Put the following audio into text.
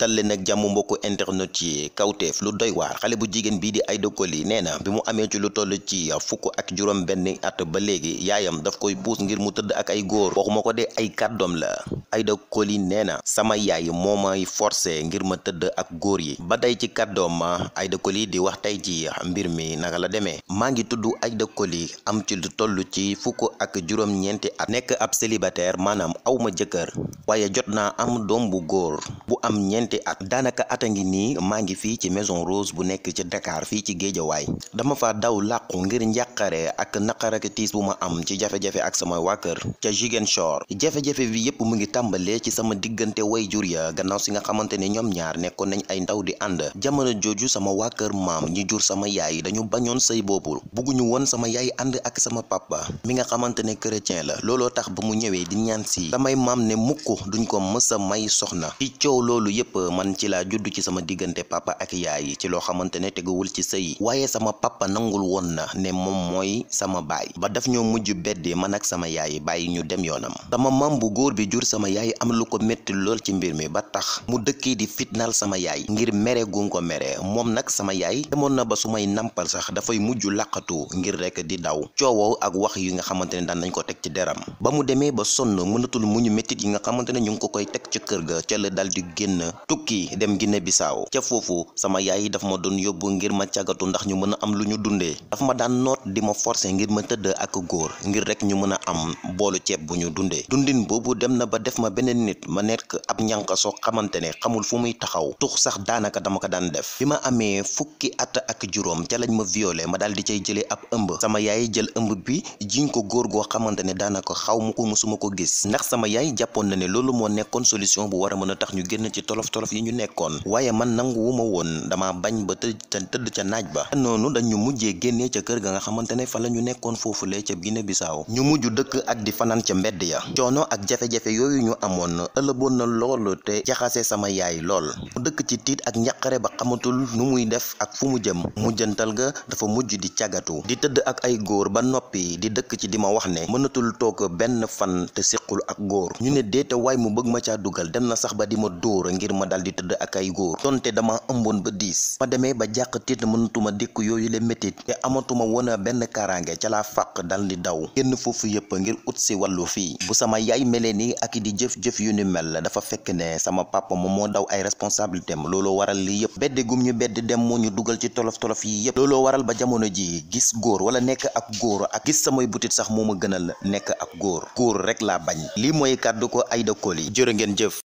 dal leen ak jàmm mbokku internet yi kawteef lu doy waar xale bu jigéen bii di Aida Coly nee na bi mu amee ci lu toll ci fukk ak juróom benn at ba léegi yaayam daf koy buus ngir mu tëdd ak ay góor waxuma ko de ay kàddoom la Aida Coly nee na sama yaay moo may forcé ngir ma tëdd ak góor yi ba tey ci kàddoom ma Aida di wax tey ci mbir mi naka la demee maa ngi tudd Aida Coly am ci lu toll ci fukk ak juróom ñeenti at nekk ab célibataire maanaam awma jëkkër waaye jot naa am doom bu góor bu ñeenti at daanaka at a ngi nii maa ngi fii ci Maison Rose bu nekk ci dakaar fii ci Géejawaay dama fa daw làqu ngir njàqare ak naqar bu ma am ci jafe-jafe ak sama waa kër ca Ziguinchor jafe-jafe bi yépp mu ngi tàmbalee ci sama diggante way jur ya gannaaw si nga xamante ne ñoom ñaar nekkoon nañ ay ndaw di ànd jamono jooju sama waa kër maam ñi jur sama yaay dañu bañoon sëy boobu bëgguñu woon sama yaay ànd ak sama papa mi nga xamante ne chrétien la looloo tax ba mu ñëwee di ñaan si samay maam ne mukk duñ ko mës a may soxna ci coow loolu yépp man ci laa juddu ci sama diggante papa ak yaay ci loo xamante ne teguwul ci say waaye sama papa nangul woon na ne moom mooy sama baay ba daf ñoo mujj beddi man ak sama yaay bàyyi ñu dem yoonam sama mam bu góor bi jur sama yaay am lu ko métti lool ci mbir mi ba tax mu dëkkee di fitnaal sama yaay ngir mere gun ko mere moom nag sama yaay demoon na ba sumay may nampal sax dafay mujj làqatu ngir rekk di daw coowoo ak wax yi nga xamante ne daan nañ ko teg ci deram ba mu demee mënatul muñu métit yi nga xamante ne ñu ngi ko teg ci kër ga ca la dal di génn tukki dem Guinée Bissau ca foofu sama yaay daf ma doon yóbbu ngir ma cagatu ndax ñu mën a am lu ñu dundee daf ma daan noot di ma forcer ngir ma tëdd ak góor ngir rek ñu mën a am boolu ceeb bu ñu dundee dundin boobu dem na ba def ma beneen nit ma nekk ab ñànk soo xamante ne xamul fu muy taxaw tux sax daanaka dama ko daan def bi ma amee fukki at ak juróom ca lañ ma violé ma daal di cay jëlee ab ëmb sama yaay jël ëmb bi jiñ ko góor goo xamante ne daanaka xaw ma ko musuma ko gis ndax sama yaay jàppoon na ne loolu moo nekkoon solution bu war mën a tax ñu génn ci tolof tolof yi ñu nekkoon waaye man nangu woon dama bañ ba tëj ca tëdd ca naaj ba noonu dañu mujjee génne ca kër ga nga xamante ne fa la ñu nekkoon foofulee ca Guinée Bissau ñu mujj dëkk ak di fanaan ca mbedd ya coono ak jafe-jafe yooyu ñu amoon ëllëboon na lool te jaxase sama yaay lool mu dëkk ci tiit ak njaqare ba xamatul nu muy def ak fu mu jëm mujjantal ga dafa mujj di cagatu di tëdd ak ay góor ba noppi di dëkk ci di ma wax ne mënatul toog benn fan te séqul ak góor ñu ne déeta waay mu bëgg ma caa dugal dem sax ba di ma daal di tëdd ak ay góor donte dama ëmboon ba diis ma demee ba jàq tiit mënatuma dékk yooyu le métit te amatuma woon a benn kaaraange ca laa fàq dal di daw génn foofu yëpp ngir ut si wàllu fii bu sama yaay melee ni ak di jëf-jëf yu ni mel dafa fekk ne sama papa moom moo daw ay responsabilité am looloo waral lii yëpp beddi gum ñu bedd dem moo ñu dugal ci tolof-tolof yii yëpp looloo waral ba jamono ji gis góor wala nekk ak góor ak gis samay butit sax moo ma gënal nekk ak góor góor rek laa bañ lii mooy kàddu ko Aida Coly jërë ngeen jëf